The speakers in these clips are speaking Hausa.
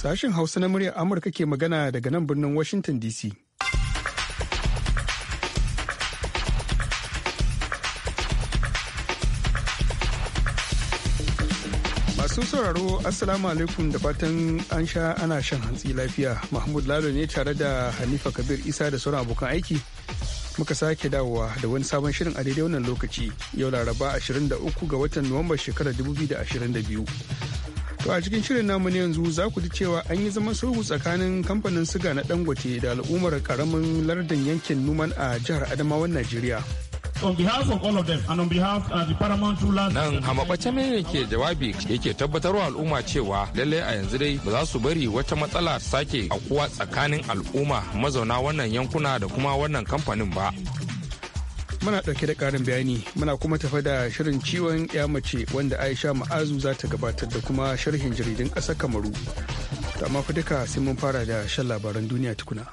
Sashen Hausa na muryar Amurka ke magana daga nan birnin Washington DC. Masu sauraro Assalamu alaikum da fatan an sha ana shan hantsi lafiya. Mahmud Lalo ne tare da Hanifa Kabir Isa da sauran abokan aiki. Muka sake dawowa da wani sabon shirin a daidai wannan lokaci yau laraba 23 ga watan Nuwamba shekarar 2022. To a cikin shirin namu ne yanzu za ku ji cewa an yi zaman sulhu tsakanin kamfanin siga na Dangote da al'ummar karamin lardin yankin Numan a jihar Adamawan Najeriya. on behalf of uh, ne yake jawabi yake tabbatarwa al'umma cewa lalle a yanzu dai ba za su bari wata matsala sake akuwa tsakanin al'umma mazauna wannan yankuna da kuma wannan kamfanin ba muna ɗauke da ƙarin bayani muna kuma tafa da shirin ciwon ya mace wanda aisha ma'azu za ta gabatar da kuma sharhin jaridun ƙasar kamaru ta ma fa duka sai mun fara da shan labaran duniya tukuna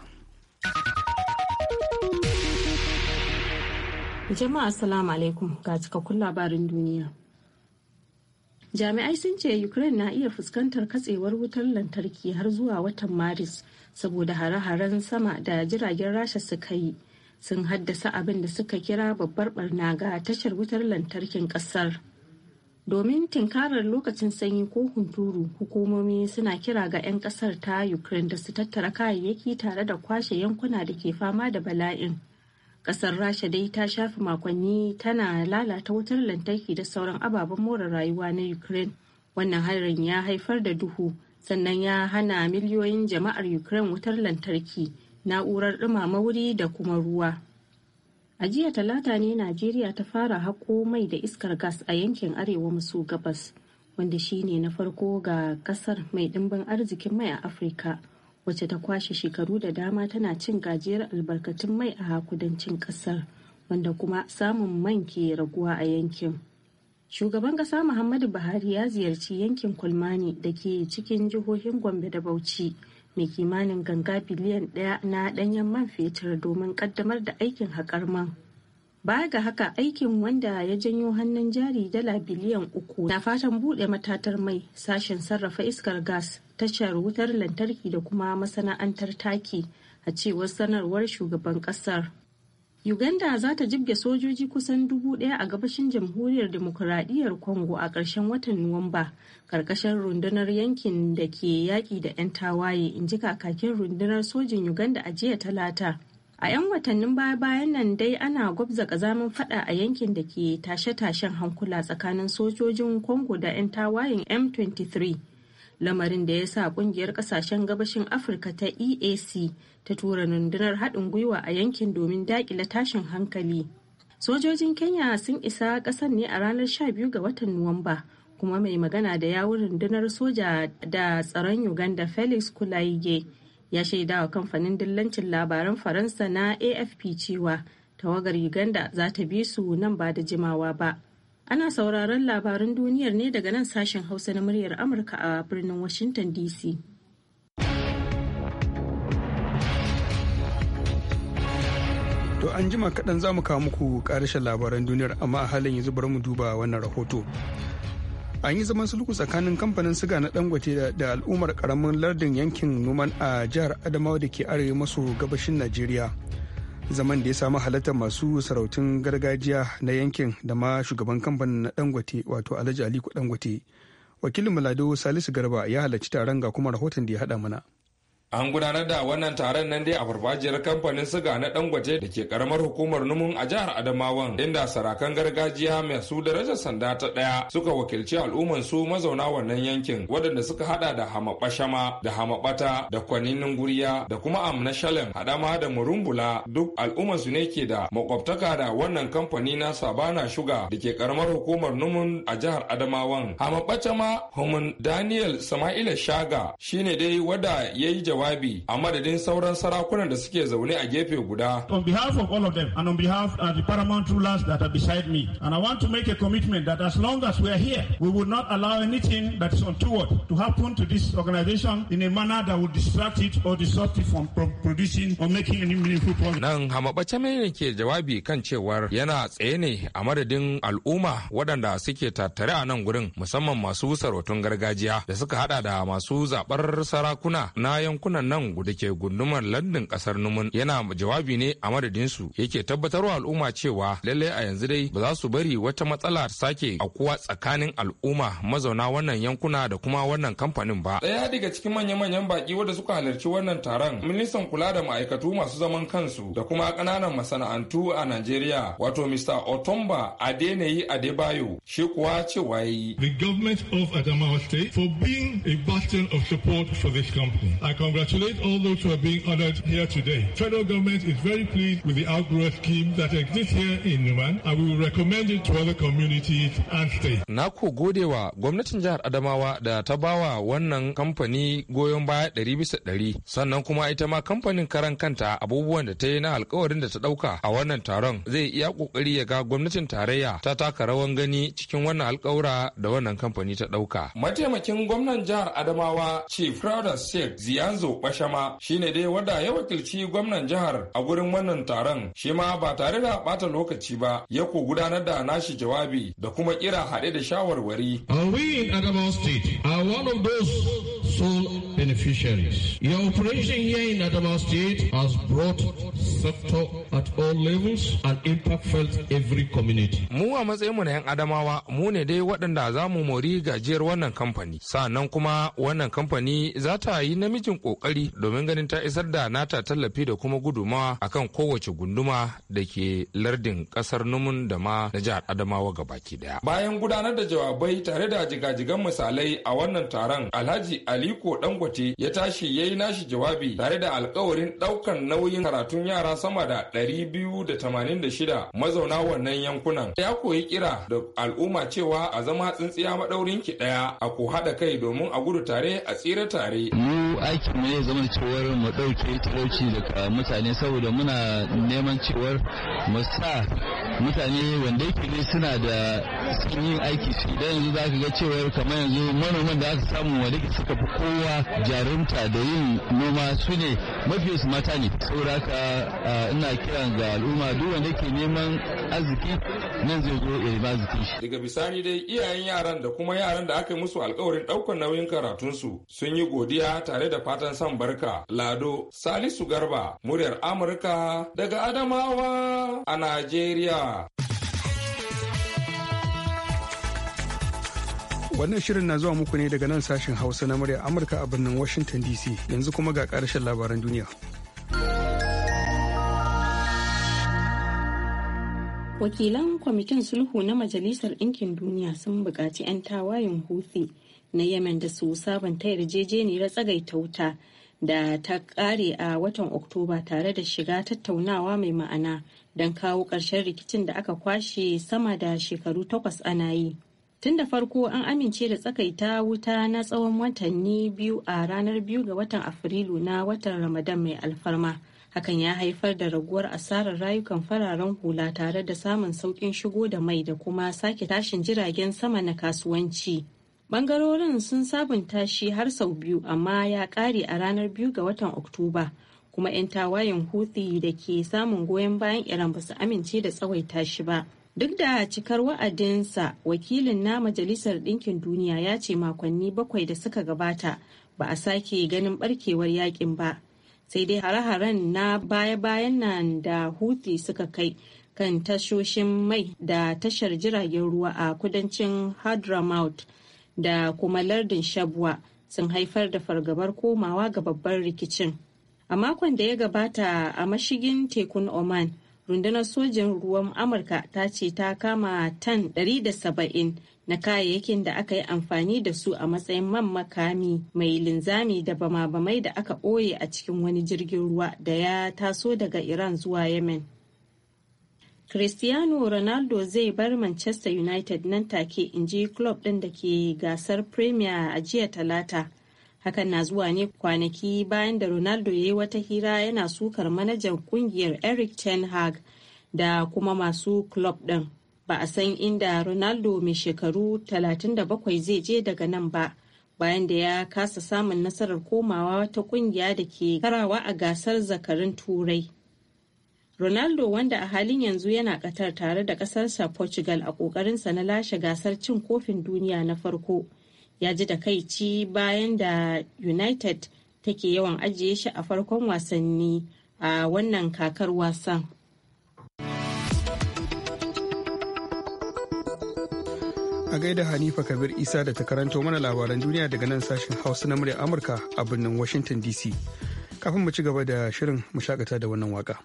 jama'a assalamu alaikum ga cikakkun labarin duniya jami'ai sun ce ukraine na iya fuskantar katsewar wutar lantarki har zuwa watan maris saboda hare-haren sama da jiragen rasha suka yi sun haddasa abin da suka kira babbar barna ga tashar wutar lantarkin kasar. Domin tinkarar lokacin sanyi ko hunturu, hukumomi suna kira ga 'yan kasar ta Ukraine da su tattara kayayyaki tare da kwashe yankuna da ke fama da bala'in. Kasar Rasha dai ta shafi makonni tana lalata wutar lantarki da sauran ababen more rayuwa na Ukraine. Wannan harin ya haifar da duhu, sannan ya hana miliyoyin jama'ar Ukraine wutar lantarki. na'urar ɗumama wuri da kuma ruwa. A jiya talata ne Najeriya ta fara haƙo mai da iskar gas a yankin arewa maso gabas, wanda shi ne na farko ga ƙasar mai ɗimbin arzikin mai a Afirka, wacce ta kwashe shekaru da dama tana cin gajiyar albarkatun mai a kudancin ƙasar, wanda kuma samun man ke raguwa a yankin. Shugaban ƙasa Muhammadu Buhari ya ziyarci yankin Kulmani da ke cikin jihohin Gombe da Bauchi. mai kimanin ganga biliyan ɗaya na danyen man fetur domin ƙaddamar da aikin haƙar man. Baya ga haka aikin wanda ya janyo hannun jari dala biliyan uku na fatan buɗe matatar mai sashen sarrafa iskar gas tashar wutar lantarki da kuma masana'antar taki a cewar sanarwar shugaban ƙasar. Uganda za ta jibge sojoji kusan dubu ɗaya a gabashin jamhuriyar demokuraɗiyyar Congo a ƙarshen watan Nuwamba, ƙarƙashin rundunar yankin da ke yaƙi da 'yan tawaye, in ji kakakin rundunar sojin Uganda a jiya talata. A 'yan watannin baya-bayan nan dai ana gwabza ƙazamin faɗa a yankin da ke tashe-tashen hankula tsakanin sojojin Congo da 'yan tawayen M23. lamarin da ya sa kungiyar kasashen gabashin afirka ta eac ta tura rundunar haɗin gwiwa a yankin domin daƙile tashin hankali sojojin kenya sun isa ƙasar ne a ranar 12 ga watan nuwamba kuma mai magana da yawun rundunar soja da tsaron uganda felix kulaye ya shaidawa kamfanin dillancin labaran faransa na afp cewa tawagar uganda za ta bi su nan ba da jimawa ba Ana sauraron labarin duniyar ne daga nan sashen Hausa na muryar Amurka a birnin Washington DC. To an jima kaɗan za mu kawo muku ƙarashin labaran duniyar amma a halin yanzu bari mu duba wannan rahoto. An yi zaman sulhu tsakanin kamfanin siga na Dangote da al'ummar ƙaramin lardin yankin noman a jihar Adamawa da ke arewa maso gabashin Najeriya. zaman da ya samu halatta masu sarautun gargajiya na yankin da ma shugaban kamfanin na dangote wato alhaji aliko dangote wakilin malado salisu garba ya halarci taron ga kuma rahoton da ya haɗa mana An gudanar da wannan taron nan dai a farfajiyar kamfanin siga na Dangote da ke karamar hukumar Numun a jihar Adamawan inda sarakan gargajiya mai su darajar sanda ta ɗaya suka wakilci al'umman su mazauna wannan yankin waɗanda suka hada da Hamabashama da Hamabata da Kwaninin Guriya da kuma Amna Shalem Hadama da Murumbula duk al'umman su ne ke da makwabtaka da wannan kamfani na Sabana Sugar da ke karamar hukumar Numun a jihar Adamawan. Hamabachama Homin Daniel Sama'ila Shaga shine dai wadda ya yi jawabi a madadin sauran sarakunan da suke zaune a gefe guda. On behalf of all of them and on behalf of uh, the paramount rulers that are beside me and I want to make a commitment that as long as we are here we will not allow anything that is untoward to happen to this organization in a manner that will distract it or disrupt it from producing or making any meaningful progress. Nan hamabace ne ke jawabi kan cewar yana tsaye ne a madadin al'umma waɗanda suke tattare a nan gurin musamman masu sarautun gargajiya da suka hada da masu zaɓar sarakuna na yankunan yankunan nan da ke gundumar London kasar Numan yana jawabi ne a madadinsu yake tabbatarwa al'umma cewa lallai a yanzu dai ba za su bari wata matsala sake a kuwa tsakanin al'umma mazauna wannan yankuna da kuma wannan kamfanin ba. Daya daga cikin manya-manyan baki wanda suka halarci wannan taron ministan kula da ma'aikatu masu zaman kansu da kuma ƙananan masana'antu a Najeriya wato Mr. Otomba Adeneyi Adebayo shi kuwa cewa yi. The government of Adamawa State for being a bastion of support for this company. I congratulate all those who are being honored here today. Federal government is very pleased with the outgrowth scheme that exists here in Numan and we will recommend it to other communities and states. Na ku godewa gwamnatin jihar Adamawa da ta bawa wannan kamfani goyon baya ɗari bisa ɗari sannan kuma ita ma kamfanin karan kanta abubuwan da ta yi na alkawarin da ta ɗauka a wannan taron zai iya ƙoƙari ya ga gwamnatin tarayya ta taka rawan gani cikin wannan alkawura da wannan kamfani ta ɗauka. Mataimakin gwamnan jihar Adamawa Chief Crowder Sheikh Ziyanzo Bozo Bashama shine dai wanda ya wakilci gwamnan jihar a gurin wannan taron shi ma ba tare da bata lokaci ba ya ko gudanar da nashi jawabi da kuma kira haɗe da shawarwari. We in State are one sole beneficiaries. Your operation here in Adama State has brought sector at all levels and impact felt every community. Mu a matsayinmu na 'yan Adamawa mu ne dai waɗanda za mu mori gajiyar wannan kamfani. Sannan kuma wannan kamfani za ta yi namijin ƙoƙari domin ganin ta isar da nata tallafi da kuma gudumawa akan kowace gunduma da ke lardin ƙasar Numun da ma na jihar Adamawa gabaki daya. Bayan gudanar da jawabai tare da jigajigan misalai a wannan taron Alhaji Ali Aliko Dangote ya tashi ya yi nashi jawabi tare da alkawarin ɗaukan nauyin karatun yara sama da 286 mazauna wannan yankunan. Ya koyi kira da al'umma cewa a zama tsintsiya maɗaurin ki ɗaya a ko haɗa kai domin a gudu tare a tsira tare. Mu aiki mu ne zama cewar mu ɗauke talauci daga mutane saboda muna neman cewar mu sa mutane wanda yake ne suna da sun yin aiki su idan yanzu za ka ga cewar kamar yanzu manoman da aka samu wanda suka fi kowa jarumta da yin noma su ne mafi su mata ne saboda ina kiran ga al'umma duk wanda ke neman arziki nan zai zo ya riba arzikin shi daga bisani dai iyayen yaran da kuma yaran da aka musu alkawarin ɗaukar nauyin karatunsu sun yi godiya tare da fatan san barka lado salisu garba muryar amurka daga adamawa a najeriya Wannan shirin na zuwa muku ne daga nan sashen Hausa na murya Amurka a birnin Washington DC. Yanzu kuma ga ƙarshen labaran duniya. Wakilan kwamitin sulhu na Majalisar Ɗinkin Duniya sun buƙaci 'yan tawayen Houthi na Yemen da su sabanta yarjejeniyar tsagaita wuta da ta ƙare a watan Oktoba tare da shiga tattaunawa mai ma'ana don kawo ƙarshen rikicin da aka kwashe sama da shekaru takwas ana yi. Tun da farko an amince da tsakaita wuta na tsawon watanni biyu a ranar biyu ga watan Afrilu na watan Ramadan mai alfarma. Hakan ya haifar da raguwar asarar rayukan fararen hula tare da samun sauƙin shigo da mai da kuma sake tashin jiragen sama na kasuwanci. Bangarorin sun sabunta shi har sau biyu amma ya ƙare a ranar biyu ga watan Oktoba. Kuma 'yan tawayen Houthi da ke samun goyon bayan Iran ba su amince da tsawaita shi ba. Duk da cikar wa'adinsa wakilin na Majalisar Ɗinkin Duniya ya ce makonni bakwai da suka gabata ba a sake ganin barkewar yakin ba. Sai dai hare-haren na baya-bayan nan da Houthi suka kai kan tashoshin mai da tashar jiragen ruwa a kudancin Hadramaut da kuma lardin Shabwa sun haifar da fargabar komawa ga babban rikicin. A makon da ya gabata a mashigin tekun Oman. rundunar sojin ruwan amurka ta ce ta kama tan 170 na kayayyakin da aka yi amfani da su a matsayin man makami mai linzami da bama-bamai da aka ɓoye a cikin wani jirgin ruwa da ya taso daga iran zuwa yemen cristiano ronaldo zai bar manchester united nan take in ji club ɗin da ke gasar premier a jiya talata Hakan na zuwa ne kwanaki bayan da Ronaldo ya yi wata hira yana sukar manajan kungiyar Eric Ten Hag da kuma masu club din.. Ba a san inda Ronaldo mai shekaru 37 zai je daga nan ba. bayan da ya kasa samun nasarar komawa ta kungiya da ke karawa a gasar zakarin turai ronaldo wanda a halin yanzu yana katar tare da ƙasarsa portugal a kokarinsa na lashe gasar cin kofin duniya na farko ya ji takaici bayan da united take yawan ajiye shi a farkon wasanni a wannan kakar wasan a gaida hanifa kabir isa da ta karanto mana labaran duniya daga nan sashen hausa na murya amurka a birnin washington dc kafin mu ci gaba da shirin mu shakata da wannan waka.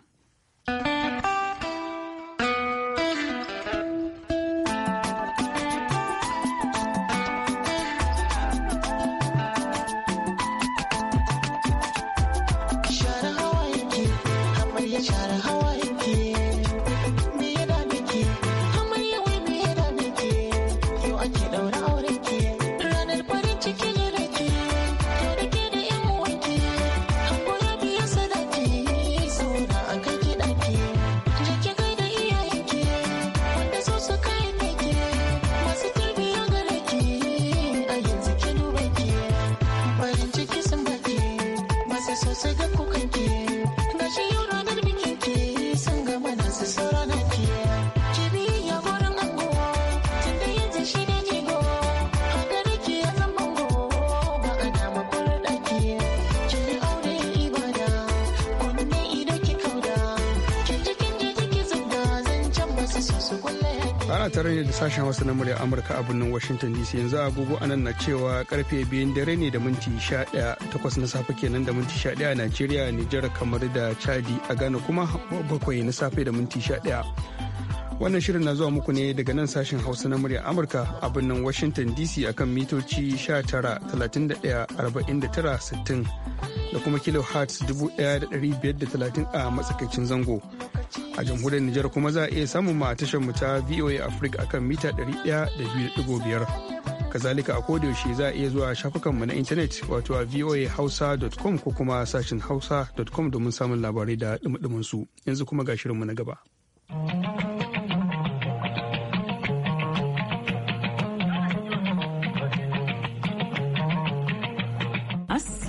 tare ne da sashen Hausa na murya Amurka a birnin Washington DC yanzu agogo anan na cewa karfe biyun dare ne da minti sha daya takwas na safe kenan da minti sha daya a nigeria Nijar, kamar da Chadi a Ghana kuma bakwai na safe da minti sha daya. Wannan shirin na zuwa muku ne daga nan sashen Hausa na murya Amurka a birnin Washington DC akan mitoci 19,31,49,60 da kuma kilohertz 1,530 a matsakaicin zango. A jamhuriyar Nijar kuma za a iya samun ma a tashar mu ta VOA Africa akan mita 100.5. kazalika a kodayaushe za a iya zuwa shafukanmu na intanet wato a voahausa.com ko kuma sashin hausa.com domin samun labarai da dumadumin su yanzu kuma ga shirinmu na gaba.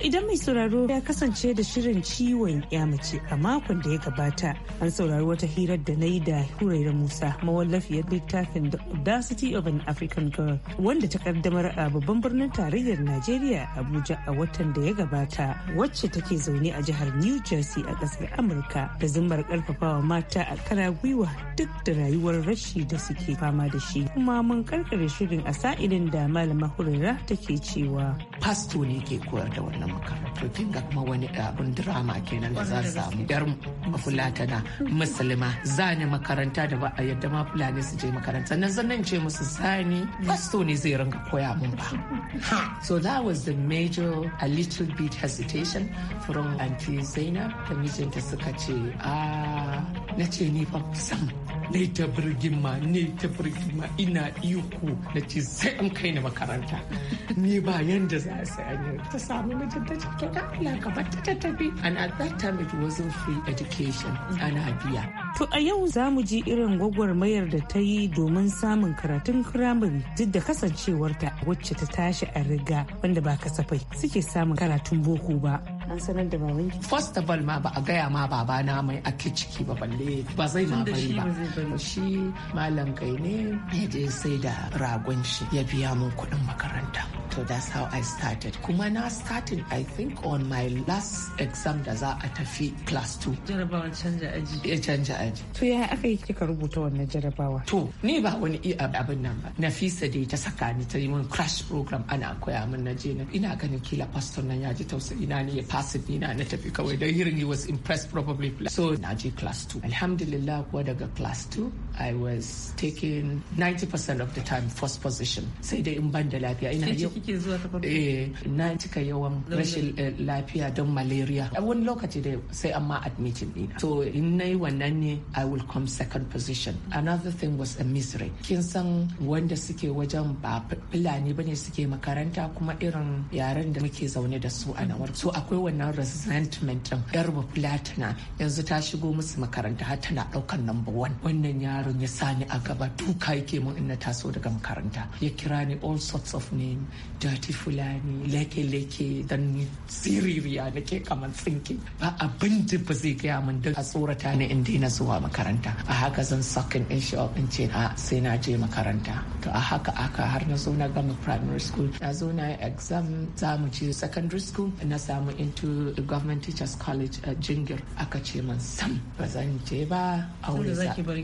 Idan mai sauraro ya kasance da shirin ciwon ya mace a makon da ya gabata an saurari wata hirar da na yi da Hurairu Musa mawallafiyar littafin The Audacity of an African Girl wanda ta kaddamar a babban birnin tarayyar Najeriya Abuja a watan da ya gabata wacce take zaune a jihar New Jersey a kasar Amurka da zimmar karfafawa mata a kara gwiwa duk da rayuwar rashi da suke fama da shi kuma mun karkare shirin a sa'ilin da malama hurera take cewa pasto ne ke koyar da wannan makarantu kin ga kuma wani eh, abun drama kenan da za su samu yar fulatana musulma zani makaranta da ba a yadda ma fulani su je makaranta nan zan ce musu zani fasto ne zai ringa koya mun ba so that was the major a little bit hesitation from anti zainab da mijinta suka ce a ah, na ce ni fa sam ne ta birgima ne ta birgima ina iko na ce sai an kai ni makaranta ni ba yanda za a sai ta samu miji ana biya to a yau za mu ji irin gwagwarmayar da ta yi domin samun karatun firamare duk da kasancewarta wacce ta tashi a riga wanda ba kasafai suke samun karatun boko ba an sanar da baban first of all ma ba a gaya ma baba na mai ake ciki ba balle ba zai ma bari ba shi malam kai ne ya je sai da ragon shi ya biya mun kuɗin makaranta to that's how I started kuma na starting I think on my last exam da za a tafi class 2 jarabawan canja aji ya canja aji to ya aka yi kika rubuta wannan jarabawa to ni ba wani iya abin nan ba Nafisa dai ta saka ni ta yi mun crash program ana koya min na je ina ganin kila pastor nan ya ji tausayi na ne ya fasa ni na tafi kawai don hearing he was impressed probably so na je class 2 alhamdulillah kuwa daga class 2 I was taking 90% of the time first position sai dai in ban da lafiya eh na cika yawan rashin eh, lafiya don malaria a wani lokaci dai sai amma admitting ina. so in nayi wannan ne I will come second position another thing was a misery kin san wanda suke wajen ba fulani bane suke makaranta kuma irin yaren da muke zaune da su a nawar. so akwai wannan resentment ɗin yar platina yanzu ta shigo musu makaranta har tana ɗaukan number one wannan yaro yaron ya sani a gaba duka yake mun in taso daga makaranta ya kira ni all sorts of name dirty fulani leke leke dan siririya ke kamar tsinke ba abin da ba zai gaya min da a tsorata ne in daina zuwa makaranta a haka zan sakin in shi in ce a ah, sai na je makaranta to a haka aka har na zo na gama primary school na zo na exam za mu je secondary school na samu into government teachers college a jingir aka ce min sam ba zan je ba aure za ki bar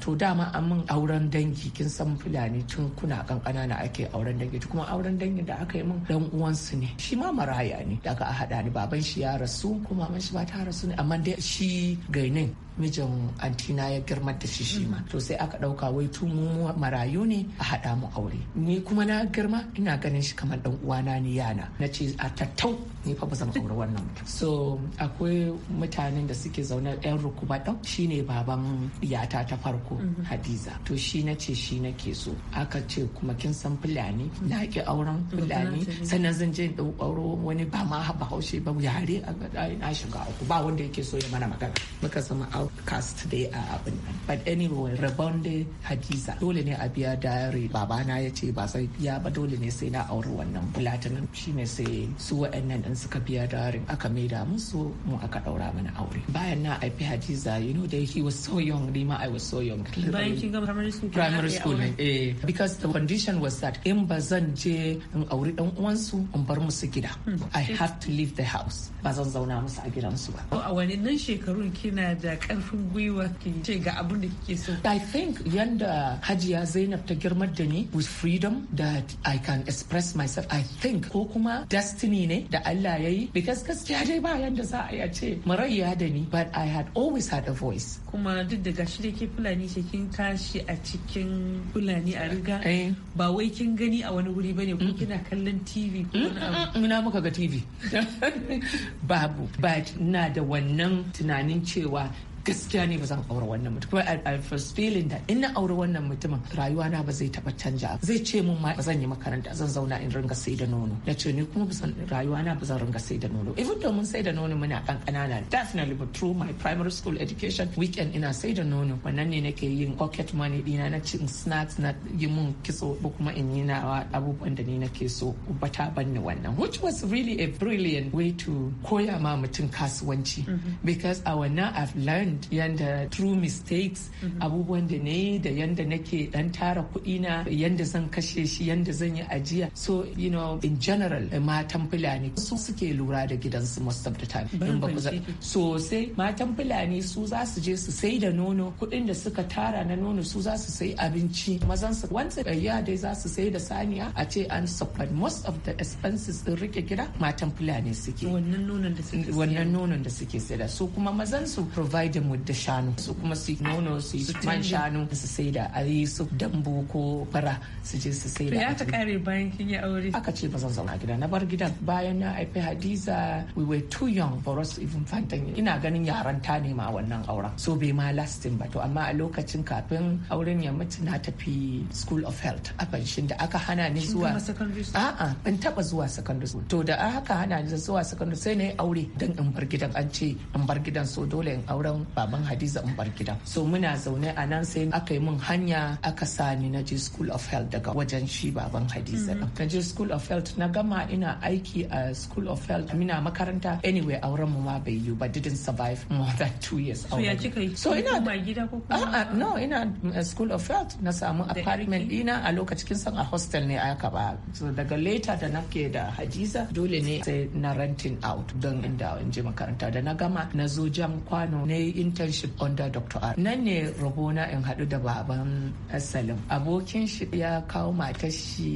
to dama amin auren dangi kin san fulani tun kuna kankana na ake auren dangi kuma auren dangi da aka yi min dan uwansu ne shi ma maraya ne daga a haɗa ni baban shi ya rasu kuma man shi ba ta rasu ne amma dai shi gainin mijin antina ya girmar da shi shi ma to sai aka ɗauka wai tun mu marayu ne a haɗa mu aure ni kuma na girma ina ganin shi kamar ɗan uwana ni yana na ce a tattau ni fa ba zan aure wannan so akwai mutanen da suke zaune yan rukuba dan shine baban yata ta farko mhm. hadiza to shi na ce shi nake so aka ce kuma kin san fulani na ki auren fulani sannan zan je in ɗau wani ba ma haushe ba yare a na shiga ba wanda yake so ya mana magana muka zama outcast dai a abin nan but anyway rabon hadiza dole ne a biya diary babana ya ce ba sai biya ba dole ne sai na auri wannan platinum shine sai su waɗannan din suka biya diary aka maida musu mu aka daura mana aure bayan na haifi hadiza you know that he was so young Rima I was so young bayan kin ga primary school eh because the condition was that in bazan je in auri dan uwansu in bar musu gida hmm. I have to leave the house ba zan zauna musu a gidansu ba a wani nan shekarun kina da karfin gwiwa ki ce ga abin da kike so i think yanda hajiya zainab ta girmar da ni with freedom that i can express myself i think ko kuma destiny ne da Allah ya yi because gaskiya dai ba yanda za a ya ce marayya da ni but i had always had a voice kuma duk da gashi da ke fulani ce kin tashi a cikin fulani a riga eh. ba wai kin gani a wani wuri bane ko kina kallon tv ko wani abu muna muka ga tv babu ba na da wannan tunanin cewa gaskiya ne ba zan aure wannan mutum kuma I first feeling that in na aure wannan mutumin rayuwa na ba zai taba canja zai ce mun ma zan yi makaranta zan zauna in ringa sai da nono na ce ni kuma bazan rayuwa na ba zan ringa sai da nono even though mun sai da nono muna kan kanana definitely but through my primary school education weekend weekend ina sai da nono wannan ne nake yin pocket money dina na cin snacks na yi mun kitso kuma in yi nawa abubuwan da ni nake so ba ta banni wannan which was really a brilliant way to koya ma mutum kasuwanci mm-hmm. because a wannan I've learned yanda true mistakes mm-hmm. abubuwan da ne da yanda nake dan tara kuɗi na yanda zan kashe shi yanda zan yi ajiya so you know in general matan fulani su suke lura da gidansu most of the time in ba sosai matan fulani su za su je su sai da nono kuɗin da suka tara na nono su za su sai abinci mazan su wanda ya dai za su sai da saniya a ce an support most of the expenses din rike gida matan fulani suke wannan nonon da suke sai da su kuma mazan su provide mu da shanu su kuma su nono su man shanu su sai da ayi su dambu ko fara su je su sai da ya ta kare bayan kin yi aure aka ce ba zan zauna gida na bar gidan bayan na haifi hadiza we were too young for us even fantan ina ganin yaran ta nema wannan auren so bai ma lasting ba to amma a lokacin kafin auren ya mutu na tafi school of health a fanshin da aka hana ni zuwa a'a ban taba zuwa secondary school to da aka hana ni zuwa secondary sai na yi aure dan in bar gidan an ce in bar gidan so dole in auren baban hadiza in bar gidan so muna zaune a nan sai aka yi min hanya aka sa ni na je school of health daga wajen shi baban hadiza mm-hmm. na je school of health na gama ina aiki a school of health muna makaranta anyway auren mu ma bai yiwu ba didn't survive more than two years so ya kika yi so ina gida ko kuma no ina uh, school of health na samu apartment dina a lokacin san a hostel ne aka ba so daga later da nake da hajiza dole ne sai na renting out don inda in je makaranta da na gama na zo jam kwano na yi internship under dr r nan ne rabona in hadu da baban salim abokin shi ya kawo matar shi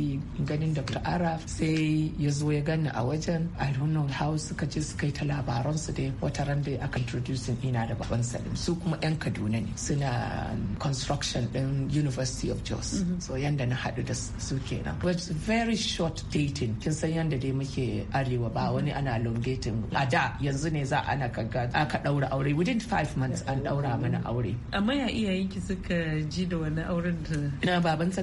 ganin dr araf sai ya zo ya gani a wajen i don't know how suka je suka yi ta labaransu dai wata ran da aka introducing ina da baban salim su kuma 'yan kaduna ne suna construction din university of jos mhm. so yanda na haɗu da su kenan but very short dating kin san yanda dai muke arewa ba mhm. wani ana longating a da yanzu ne za ana kaga aka ɗaura aure within five months an ɗaura mana aure amma ya ki suka ji da wani auren da na baban sa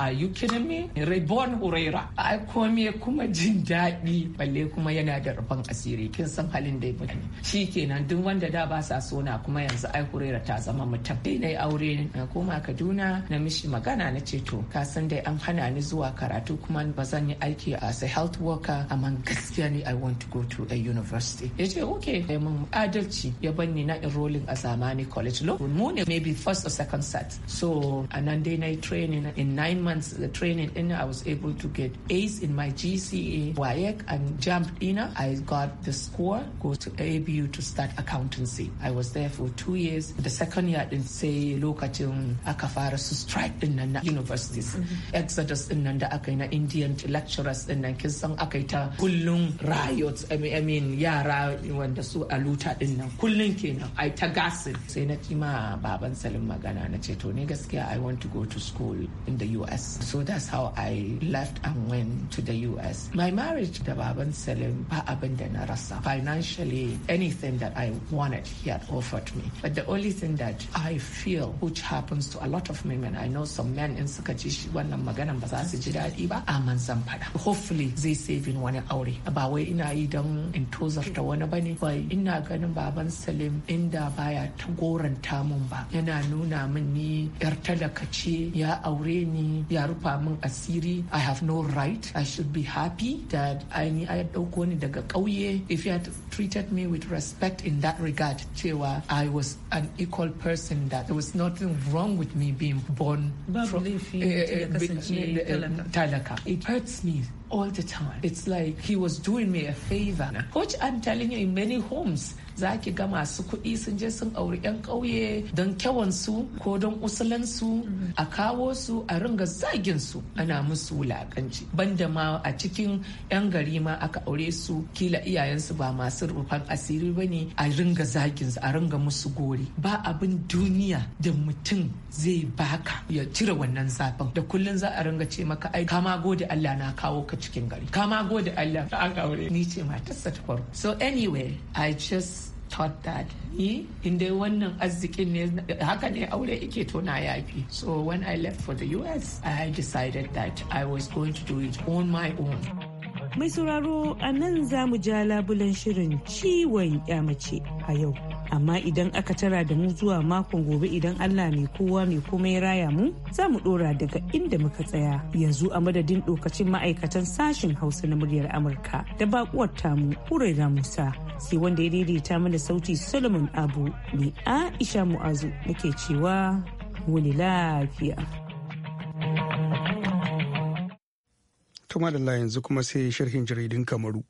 a you kidding me reborn huraira ai komai kuma jin daɗi balle kuma yana da rufan asiri kin san halin da ya shi kenan duk wanda da ba sa sona kuma yanzu ai hurera ta zama mutum dai na aure na koma kaduna na mishi magana na ce to ka san dai an hana ni zuwa karatu kuma ba zan yi aiki as a health worker amma gaskiya ne i want to go to a university ya ce okay ya mun adalci ya ni na enrolling a zamani college lo. mu ne maybe first or second set so a nan dai na training in nine months the training in i was able to get a's in my gce wayek and jamb ina i got the score go to abu to start accountancy i was there for two years the second year din sai lokacin aka fara su strike din nan na universities mm-hmm. exodus din nan da aka yi na indian lecturers din nan kin san aka yi ta kullun riots i mean yara wanda su aluta din nan kullun kenan ai ta gasin sai na kima baban salim magana na ce to ne gaskiya i want to go to school in the us so that's how i left and went to the us my marriage da baban salim ba abin da na rasa financially anything that i wanted he had offered me But the only thing that I feel which happens to a lot of women, I know some men in suka ji shi wannan maganan ba za su ji daɗi ba, aman zan Hopefully zai saving wani aure. Ba wai ina yi don in tozarta wani bane. wai ina ganin baban Salim inda baya ta goranta mun ba. Yana nuna min ni yar talaka ce ya aure ni ya rufa min asiri. I have no right. I should be happy that I ni a ɗauko ni daga ƙauye. If you had treated me with respect in that regard cewa I was an equal person that there was nothing wrong with me being born from uh, uh, talaka. It hurts me all the time. It's like he was doing me a favor. Coach, I'm telling you, in many homes, za ki ga masu kuɗi sun je sun auri 'yan ƙauye don kyawansu ko don usulansu a kawo su a ringa zagin su ana musu wulaƙanci banda ma a cikin 'yan gari ma aka aure su kila iyayensu ba masu rufan asiri ba ne a ringa zagin su a ringa musu gori ba abin duniya da mutum zai baka ya cire wannan zafin da kullum za a ringa ce maka ai kama gode Allah na kawo ka cikin gari kama gode Allah da aka aure ni ce matarsa ta farko so anyway i just thought that ni in dai wannan arzikin ne haka ne aure ike tona ya fi so when i left for the us i decided that i was going to do it on my own mai sauraro a nan za mu ja labulen shirin ciwon mace a yau amma idan aka tara da mu zuwa makon gobe idan allah mai kowa mai komai raya mu za mu dora daga inda muka tsaya yanzu a madadin dokacin ma'aikatan sashen hausa na muryar amurka da bakuwar tamu huraira musa sai wanda ya daidaita mana sauti solomon abu ne aisha mu'azu nake cewa wani lafiya tuma da yanzu kuma sai sharhin jaridun kamaru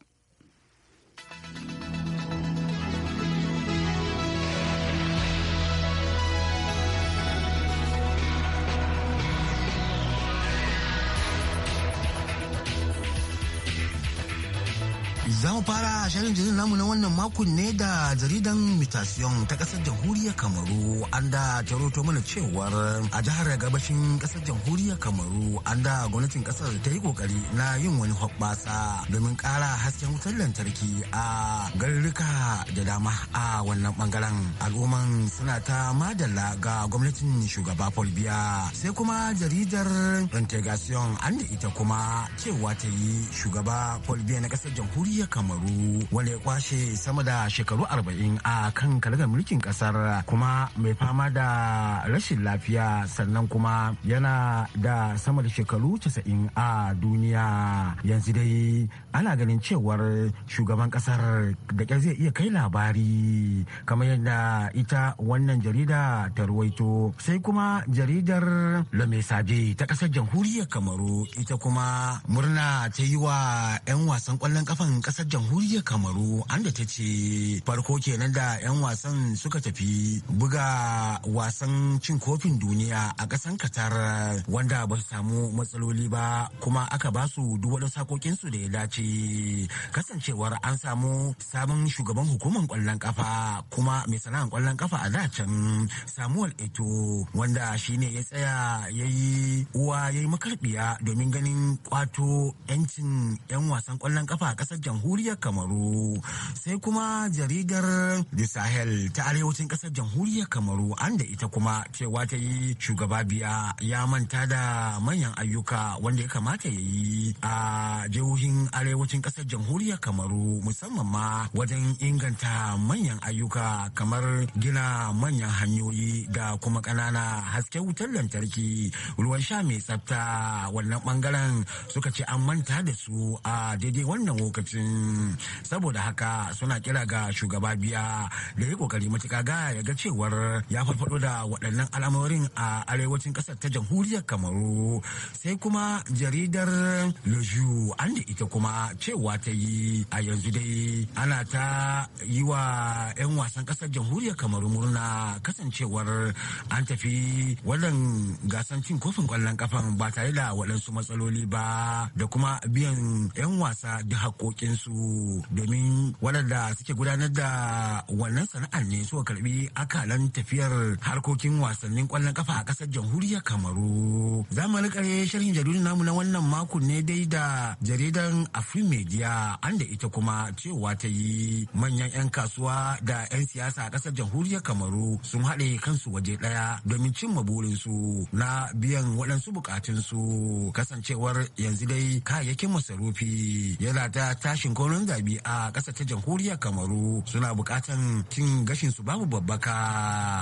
mu fara shirin jirin namu na wannan makon ne da jaridan mutation ta kasar jamhuriyar Kamaru an da taroto mana cewar a jihar gabashin kasar jamhuriyar Kamaru an da gwamnatin kasar ta yi kokari na yin wani hoɓɓasa domin ƙara hasken wutar lantarki a garuruka da dama a wannan bangaren al'umman suna ta madalla ga gwamnatin shugaba Paul Biya sai kuma jaridar Integration an da ita kuma cewa ta yi shugaba Paul Biya na kasar jamhuriyar Kamaru kamaru wanda ya kwashe sama da shekaru arba'in a kan kalagar mulkin kasar kuma mai fama da rashin lafiya sannan kuma yana da sama da shekaru casa'in a duniya yanzu dai ana ganin cewar shugaban kasar da ƙyar zai iya kai labari kamar yadda ita wannan jarida ta ruwaito sai kuma jaridar lamesabe ta ƙasar jamhuriyar kamaru ita kuma murna ta yi wa 'yan wasan ƙwallon ƙafan ƙasar jamhuriyar kamaru an da ta ce farko kenan da 'yan wasan suka tafi buga wasan cin kofin duniya a ƙasan katar wanda ba su samu matsaloli ba kuma aka ba su duwada sakokinsu da ya dace kasancewar an samu sabon shugaban hukumar kwallon kafa kuma mai sana'ar kwallon kafa a dacen samuel eto wanda shine ya tsaya ya yi uwa ya yi makarbiya domin ganin kwato 'yancin 'yan wasan kwallon kafa a ƙasar jamhuriyar jamhuriyar kamaru sai kuma jaridar the sahel ta arewacin kasar jamhuriyar kamaru an da ita kuma cewa ta yi shugaba biya ya manta da manyan ayyuka wanda ya kamata ya yi a jihohin arewacin kasar jamhuriyar kamaru musamman ma wajen inganta manyan ayyuka kamar gina manyan hanyoyi da kuma ƙanana hasken wutar lantarki ruwan sha mai tsafta wannan bangaren suka ce an manta da su a daidai wannan lokacin saboda haka suna kira ga shugaba biya da ya kokari matuka ga ya ga cewar ya farfado da waɗannan al'amarin a arewacin ƙasar ta jamhuriyar kamaru sai kuma jaridar leju an da ita kuma cewa ta yi a yanzu dai ana ta yi wa 'yan wasan ƙasar jamhuriyar kamaru murna kasancewar an tafi wannan gasan cin kofin kwallon kafan ba tare da waɗansu matsaloli ba da kuma biyan 'yan wasa da haƙoƙinsu domin waɗanda suke gudanar da wannan sana'ar ne suka karbi akalan tafiyar harkokin wasannin kwallon kafa a ƙasar jamhuriyar kamaru Zamu kare sharhin jaridun namu na wannan makon ne dai da jaridan afri media an da ita kuma cewa ta yi manyan 'yan kasuwa da 'yan siyasa a ƙasar jamhuriyar kamaru sun haɗe kansu waje ɗaya domin cimma burinsu na biyan waɗansu buƙatunsu kasancewar yanzu dai kayayyakin masarufi yana ta tashin ko sauran zabi a ƙasar ta jamhuriyar kamaru suna buƙatan cin gashin su babu babbaka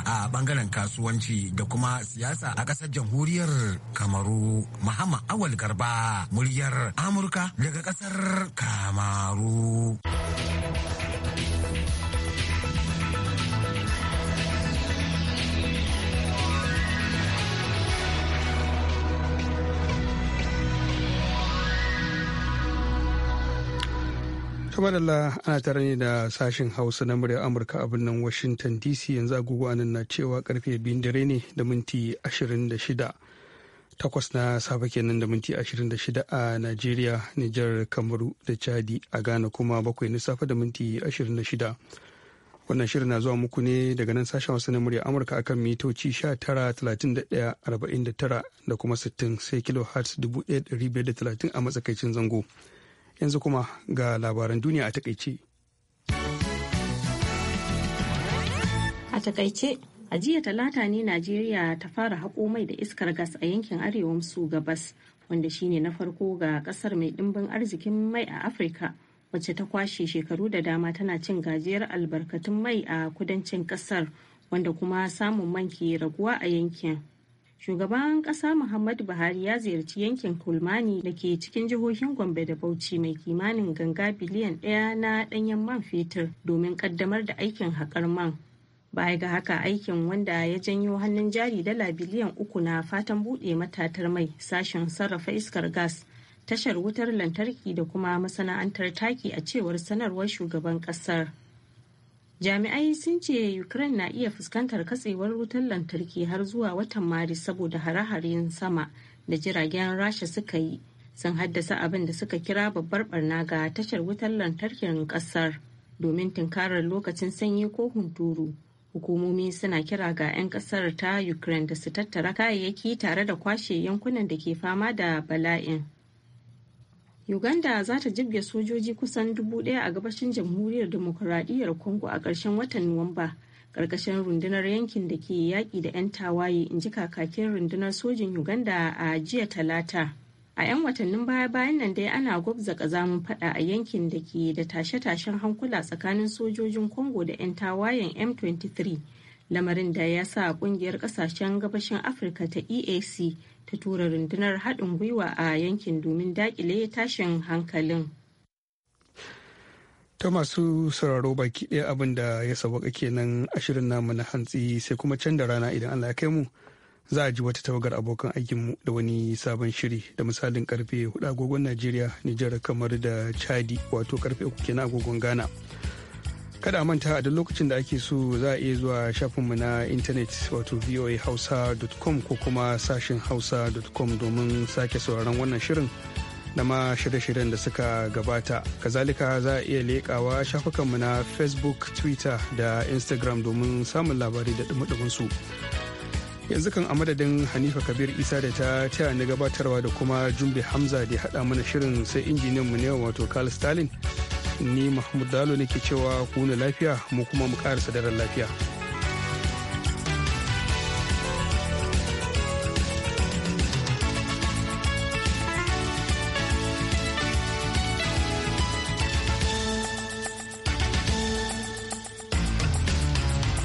a ɓangaren kasuwanci da kuma siyasa a ƙasar jamhuriyar kamaru muhammad awal garba muryar amurka daga ƙasar kamaru da la ana tare ne da sashen hausa na muryar amurka a birnin washington dc yanzu agogo anan na cewa karfe biyun dare ne da minti 26 takwas na safe kenan da minti 26 a nigeria niger kamaru da chadi a ghana kuma bakwai na safe da minti 26 wannan shirin na zuwa muku ne daga nan sashen hausa na muryar amurka akan mitoci 19,31,49 da kuma 60 sai kilohertz 1530 a matsakaicin zango. yanzu kuma ga labaran duniya a takaice. A takaice, a jiya talata ne Najeriya ta fara haƙo mai da iskar gas a yankin arewa su gabas, wanda shine na farko ga ƙasar mai ɗimbin arzikin mai a Afirka, wacce ta kwashe shekaru da dama tana cin gajiyar albarkatun mai a kudancin ƙasar, wanda kuma samun man ke raguwa a yankin. shugaban ƙasa muhammadu buhari ya ziyarci yankin kulmani da ke cikin jihohin gombe da bauchi mai kimanin ganga biliyan ɗaya na ɗanyen man fetur domin ƙaddamar da aikin haƙar man baya ga haka aikin wanda ya janyo hannun jari dala biliyan uku na fatan buɗe matatar mai sashen sarrafa iskar gas tashar wutar lantarki da kuma masana'antar taki a cewar sanarwar shugaban ƙasar. jami'ai sun ce ukraine na iya fuskantar katsewar wutar lantarki har zuwa watan maris saboda hare-haren sama da jiragen rasha suka yi sun haddasa abin da suka kira babbar barna ga tashar wutar lantarkin kasar domin tunkarar lokacin sanyi ko hunturu hukumomi suna kira ga 'yan kasar ta ukraine da su tattara kayayyaki tare da kwashe yankunan da ke fama da bala'in Uganda za ta jibge sojoji kusan dubu ɗaya a gabashin jamhuriyar demokuraɗiyyar Congo a ƙarshen watan Nuwamba, ƙarƙashin rundunar yankin da ke yaƙi da 'yan tawaye, in ji kakakin rundunar sojin Uganda a jiya talata. A 'yan watannin baya-bayan nan dai ana gwabza ƙazamin faɗa a yankin da ke da tashe-tashen hankula tsakanin sojojin Congo da 'yan tawayen M23, lamarin da ya sa ƙungiyar ƙasashen gabashin Afirka ta EAC ta tura rundunar haɗin gwiwa a yankin domin dakile tashin hankalin. ta masu sauraro baki ɗaya abin da ya sauƙaƙa kenan ashirin namu na hantsi sai kuma canza rana idan Allah ya kai mu za a ji wata tawagar abokan aikinmu da wani sabon shiri da misalin karfe hudu agogon Najeriya, Nijar kamar da Chadi wato karfe uku kenan agogon Ghana. kada manta a duk lokacin da ake so za a iya zuwa shafinmu na intanet wato voahausa.com ko kuma sashin hausa.com domin sake sauraron wannan shirin na ma shirye-shiryen da suka gabata kazalika za a iya leƙawa shafukanmu na facebook twitter da instagram domin samun labari da dumi su yanzu kan a madadin hanifa kabir isa da ta taya na gabatarwa da kuma jumbe hamza da ya haɗa mana shirin sai injiniyanmu mu ne wato carl stalin ni mahmud dalo ke cewa ku lafiya mu kuma mu karasa daren lafiya